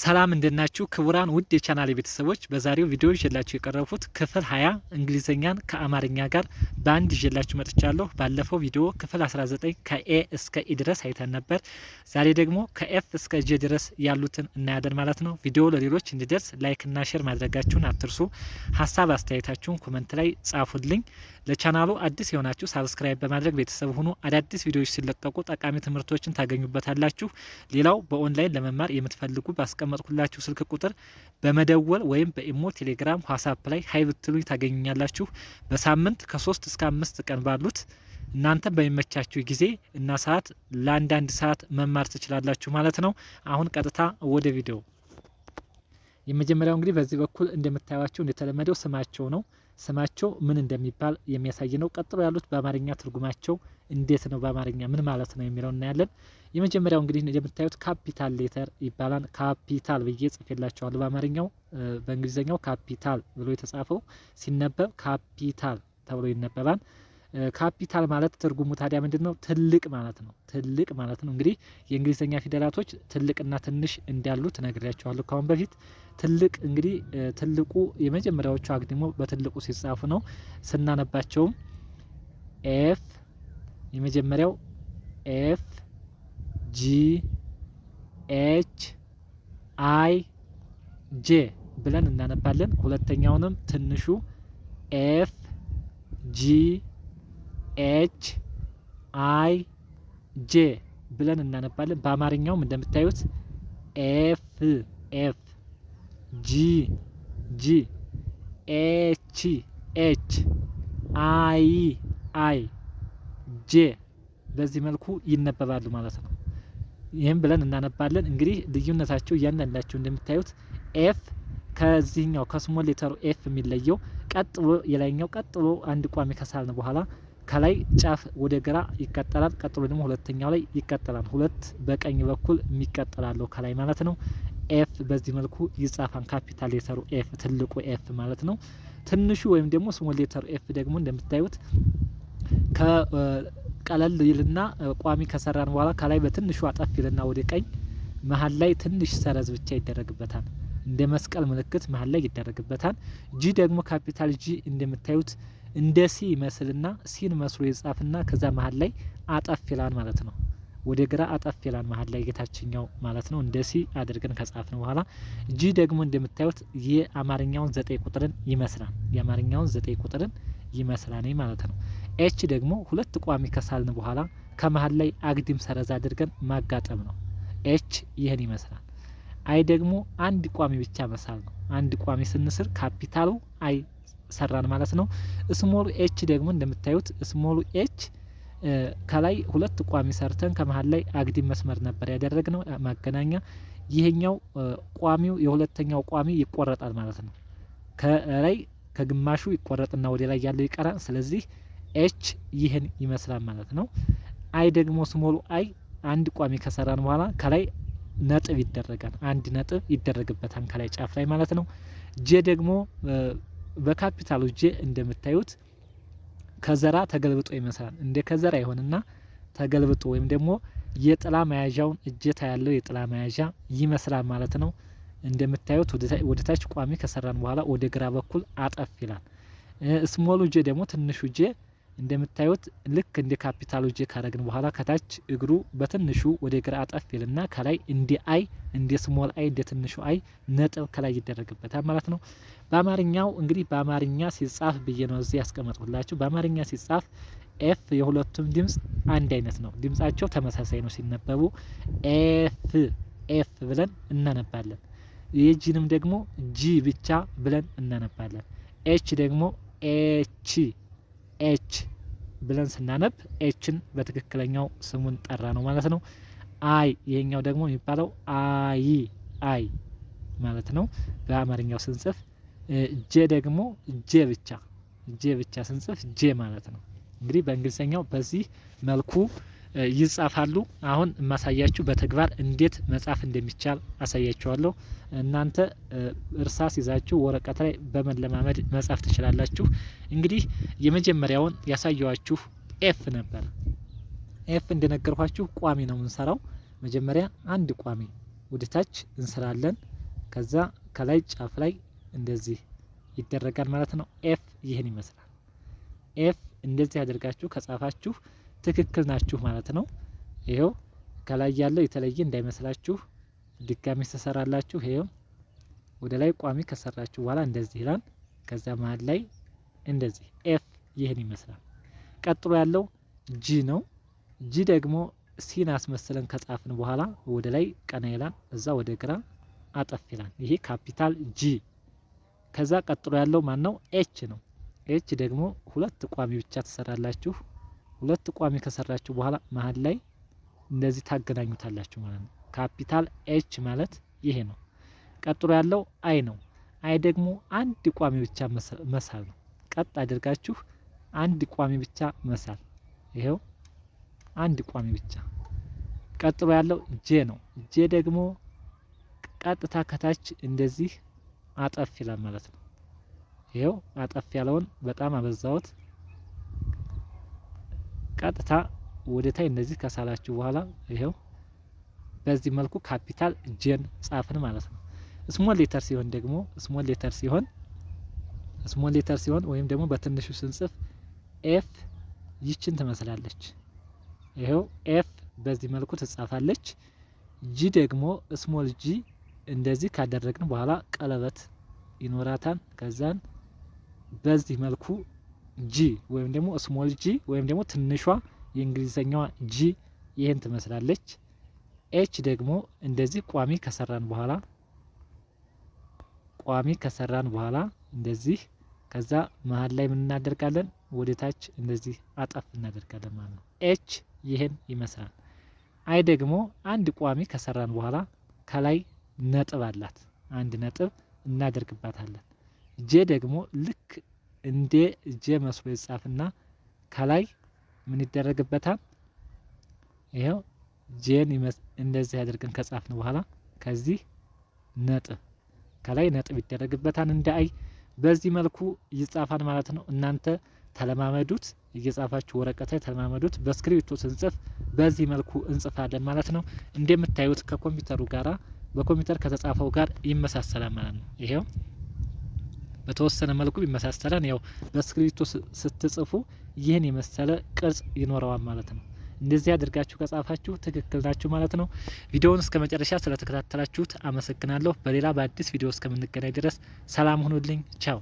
ሰላም እንደናችሁ ክቡራን ውድ የቻናል ቤተሰቦች፣ በዛሬው ቪዲዮ ይዤላችሁ የቀረብኩት ክፍል 20 እንግሊዘኛን ከአማርኛ ጋር በአንድ ይዤላችሁ መጥቻለሁ። ባለፈው ቪዲዮ ክፍል 19 ከኤ እስከ ኢ ድረስ አይተን ነበር። ዛሬ ደግሞ ከኤፍ እስከ ጄ ድረስ ያሉትን እናያለን ማለት ነው። ቪዲዮ ለሌሎች እንዲደርስ ላይክና ሼር ማድረጋችሁን አትርሱ። ሀሳብ አስተያየታችሁን ኮመንት ላይ ጻፉልኝ። ለቻናሉ አዲስ የሆናችሁ ሳብስክራይብ በማድረግ ቤተሰብ ሁኑ። አዳዲስ ቪዲዮዎች ሲለቀቁ ጠቃሚ ትምህርቶችን ታገኙበታላችሁ። ሌላው በኦንላይን ለመማር የምትፈልጉ ባስቀመጥኩላችሁ ስልክ ቁጥር በመደወል ወይም በኢሞ፣ ቴሌግራም፣ ዋትስአፕ ላይ ሀይ ብትሉኝ ታገኙኛላችሁ። በሳምንት ከሶስት እስከ አምስት ቀን ባሉት እናንተ በሚመቻችሁ ጊዜ እና ሰዓት ለአንዳንድ ሰዓት መማር ትችላላችሁ ማለት ነው። አሁን ቀጥታ ወደ ቪዲዮ የመጀመሪያው እንግዲህ በዚህ በኩል እንደምታዩቸው እንደተለመደው ስማቸው ነው። ስማቸው ምን እንደሚባል የሚያሳይ ነው። ቀጥሎ ያሉት በአማርኛ ትርጉማቸው እንዴት ነው፣ በአማርኛ ምን ማለት ነው የሚለው እናያለን። የመጀመሪያው እንግዲህ እንደምታዩት ካፒታል ሌተር ይባላል። ካፒታል ብዬ ጽፌላቸዋለሁ። በአማርኛው በእንግሊዝኛው ካፒታል ብሎ የተጻፈው ሲነበብ ካፒታል ተብሎ ይነበባል። ካፒታል ማለት ትርጉሙ ታዲያ ምንድን ነው? ትልቅ ማለት ነው። ትልቅ ማለት ነው። እንግዲህ የእንግሊዝኛ ፊደላቶች ትልቅና ትንሽ እንዳሉት ተነግሬያቸዋለሁ ካሁን በፊት። ትልቅ እንግዲህ ትልቁ የመጀመሪያዎቹ አግድሞ በትልቁ ሲጻፉ ነው። ስናነባቸውም ኤፍ የመጀመሪያው ኤፍ ጂ ኤች አይ ጄ ብለን እናነባለን። ሁለተኛውንም ትንሹ ኤፍ ጂ ኤች አይ ጄ ብለን እናነባለን። በአማርኛውም እንደምታዩት ኤፍ ኤፍ ጂ ጂ ኤች ኤች አይ አይ ጄ በዚህ መልኩ ይነበባሉ ማለት ነው። ይህም ብለን እናነባለን። እንግዲህ ልዩነታቸው እያንዳንዳቸው እንደምታዩት ኤፍ ከዚህኛው ከስሞል ሌተሩ ኤፍ የሚለየው ቀጥሎ የላይኛው ቀጥሎ አንድ ቋሚ ነው በኋላ ከላይ ጫፍ ወደ ግራ ይቀጠላል። ቀጥሎ ደግሞ ሁለተኛው ላይ ይቀጠላል። ሁለት በቀኝ በኩል የሚቀጠላለው ከላይ ማለት ነው። ኤፍ በዚህ መልኩ ይጻፋን። ካፒታል ሌተሩ ኤፍ ትልቁ ኤፍ ማለት ነው። ትንሹ ወይም ደግሞ ስሞል ሌተሩ ኤፍ ደግሞ እንደምታዩት ከቀለል ይልና ቋሚ ከሰራን በኋላ ከላይ በትንሹ አጠፍ ይልና ወደ ቀኝ መሀል ላይ ትንሽ ሰረዝ ብቻ ይደረግበታል። እንደ መስቀል ምልክት መሀል ላይ ይደረግበታል። ጂ ደግሞ ካፒታል ጂ እንደምታዩት እንደ ሲ ይመስልና ሲን መስሎ ይጻፍና ከዛ መሀል ላይ አጠፍ ይላል ማለት ነው። ወደ ግራ አጠፍ ይላል መሀል ላይ የታችኛው ማለት ነው። እንደ ሲ አድርገን ከጻፍ ነው በኋላ ጂ ደግሞ እንደምታዩት የአማርኛውን ዘጠኝ ቁጥርን ይመስላል። የአማርኛውን ዘጠኝ ቁጥርን ይመስላል ማለት ነው። ኤች ደግሞ ሁለት ቋሚ ከሳልን በኋላ ከመሀል ላይ አግድም ሰረዝ አድርገን ማጋጠም ነው። ኤች ይህን ይመስላል። አይ ደግሞ አንድ ቋሚ ብቻ መሳል ነው። አንድ ቋሚ ስንስር ካፒታሉ አይ ሰራን ማለት ነው። ስሞሉ ኤች ደግሞ እንደምታዩት ስሞሉ ኤች ከላይ ሁለት ቋሚ ሰርተን ከመሀል ላይ አግዲም መስመር ነበር ያደረግ ነው ማገናኛ። ይሄኛው ቋሚው የሁለተኛው ቋሚ ይቆረጣል ማለት ነው። ከላይ ከግማሹ ይቆረጥና ወደ ላይ ያለው ይቀራል። ስለዚህ ኤች ይህን ይመስላል ማለት ነው። አይ ደግሞ ስሞሉ አይ አንድ ቋሚ ከሰራን በኋላ ከላይ ነጥብ ይደረጋል። አንድ ነጥብ ይደረግበታል ከላይ ጫፍ ላይ ማለት ነው። ጄ ደግሞ በካፒታል ውጄ እንደምታዩት ከዘራ ተገልብጦ ይመስላል። እንደ ከዘራ ይሆንና ተገልብጦ ወይም ደግሞ የጥላ መያዣውን እጀታ ያለው የጥላ መያዣ ይመስላል ማለት ነው። እንደምታዩት ወደ ታች ቋሚ ከሰራን በኋላ ወደ ግራ በኩል አጠፍ ይላል። ስሞል ውጄ ደግሞ ትንሽ ውጄ እንደምታዩት ልክ እንደ ካፒታሎጂ ካረግን በኋላ ከታች እግሩ በትንሹ ወደ ግራ አጠፍ ይልና ከላይ እንደ አይ እንደ ስሞል አይ እንደ ትንሹ አይ ነጥብ ከላይ ይደረግበታል ማለት ነው። በአማርኛው እንግዲህ በአማርኛ ሲጻፍ ብዬ ነው እዚህ ያስቀመጥኩላችሁ። በአማርኛ ሲጻፍ ኤፍ የሁለቱም ድምፅ አንድ አይነት ነው። ድምጻቸው ተመሳሳይ ነው። ሲነበቡ ኤፍ ኤፍ ብለን እናነባለን። የጂንም ደግሞ ጂ ብቻ ብለን እናነባለን። ኤች ደግሞ ኤች ኤች ብለን ስናነብ ኤችን በትክክለኛው ስሙን ጠራ ነው ማለት ነው። አይ ይሄኛው ደግሞ የሚባለው አይ አይ ማለት ነው በአማርኛው ስንጽፍ። ጄ ደግሞ ጄ ብቻ ጄ ብቻ ስንጽፍ ጄ ማለት ነው። እንግዲህ በእንግሊዝኛው በዚህ መልኩ ይጻፋሉ። አሁን የማሳያችሁ በተግባር እንዴት መጻፍ እንደሚቻል አሳያችኋለሁ። እናንተ እርሳስ ይዛችሁ ወረቀት ላይ በመለማመድ መጻፍ ትችላላችሁ። እንግዲህ የመጀመሪያውን ያሳየዋችሁ ኤፍ ነበር። ኤፍ እንደነገርኳችሁ ቋሚ ነው የምንሰራው። መጀመሪያ አንድ ቋሚ ወደታች እንስራለን። ከዛ ከላይ ጫፍ ላይ እንደዚህ ይደረጋል ማለት ነው። ኤፍ ይህን ይመስላል ኤፍ እንደዚህ አድርጋችሁ ከጻፋችሁ ትክክል ናችሁ ማለት ነው። ይኸው ከላይ ያለው የተለየ እንዳይመስላችሁ ድጋሚ ትሰራላችሁ። ይኸው ወደ ላይ ቋሚ ከሰራችሁ በኋላ እንደዚህ ይላል። ከዛ መሀል ላይ እንደዚህ ኤፍ ይህን ይመስላል። ቀጥሎ ያለው ጂ ነው። ጂ ደግሞ ሲን አስመስለን ከጻፍን በኋላ ወደ ላይ ቀና ይላል፣ እዛ ወደ ግራ አጠፍ ይላል። ይሄ ካፒታል ጂ። ከዛ ቀጥሎ ያለው ማን ነው? ኤች ነው። ይች ደግሞ ሁለት ቋሚ ብቻ ትሰራላችሁ። ሁለት ቋሚ ከሰራችሁ በኋላ መሀል ላይ እንደዚህ ታገናኙታላችሁ ማለት ነው። ካፒታል ኤች ማለት ይሄ ነው። ቀጥሎ ያለው አይ ነው። አይ ደግሞ አንድ ቋሚ ብቻ መሳል ነው። ቀጥ አድርጋችሁ አንድ ቋሚ ብቻ መሳል። ይሄው አንድ ቋሚ ብቻ። ቀጥሎ ያለው ጄ ነው። ጄ ደግሞ ቀጥታ ከታች እንደዚህ አጠፍ ይላል ማለት ነው። ይኸው አጠፍ ያለውን በጣም አበዛሁት። ቀጥታ ወደታ እንደዚህ ከሳላችሁ በኋላ ይኸው በዚህ መልኩ ካፒታል ጄን ጻፍን ማለት ነው። ስሞል ሌተር ሲሆን ደግሞ ስሞል ሌተር ሲሆን ስሞል ሌተር ሲሆን ወይም ደግሞ በትንሹ ስንጽፍ ኤፍ ይችን ትመስላለች። ይኸው ኤፍ በዚህ መልኩ ትጻፋለች። ጂ ደግሞ ስሞል ጂ እንደዚህ ካደረግን በኋላ ቀለበት ይኖራታል። ከዛን በዚህ መልኩ ጂ ወይም ደግሞ ስሞል ጂ ወይም ደግሞ ትንሿ የእንግሊዘኛዋ ጂ ይህን ትመስላለች። ኤች ደግሞ እንደዚህ ቋሚ ከሰራን በኋላ ቋሚ ከሰራን በኋላ እንደዚህ ከዛ መሀል ላይ ምን እናደርጋለን? ወደ ታች እንደዚህ አጠፍ እናደርጋለን ማለት ነው። ኤች ይህን ይመስላል። አይ ደግሞ አንድ ቋሚ ከሰራን በኋላ ከላይ ነጥብ አላት። አንድ ነጥብ እናደርግባታለን። ጄ ደግሞ ልክ እንደ ጄ መስሎ ይጻፍና ከላይ ምን ይደረግበታል? ይኸው ጄን እንደዚህ አድርገን ከጻፍን በኋላ ከዚህ ነጥብ ከላይ ነጥብ ይደረግበታል እንደ አይ። በዚህ መልኩ ይጻፋል ማለት ነው። እናንተ ተለማመዱት፣ እየጻፋችሁ ወረቀት ላይ ተለማመዱት። በእስክሪብቶ ስንጽፍ በዚህ መልኩ እንጽፋለን ማለት ነው። እንደምታዩት ከኮምፒውተሩ ጋራ በኮምፒውተር ከተጻፈው ጋር ይመሳሰላል ማለት ነው። ይሄው በተወሰነ መልኩ ቢመሳሰለን ያው በእስክሪብቶ ስትጽፉ ይህን የመሰለ ቅርጽ ይኖረዋል ማለት ነው። እንደዚህ አድርጋችሁ ከጻፋችሁ ትክክል ናችሁ ማለት ነው። ቪዲዮውን እስከ መጨረሻ ስለተከታተላችሁት አመሰግናለሁ። በሌላ በአዲስ ቪዲዮ እስከምንገናኝ ድረስ ሰላም ሁኑልኝ። ቻው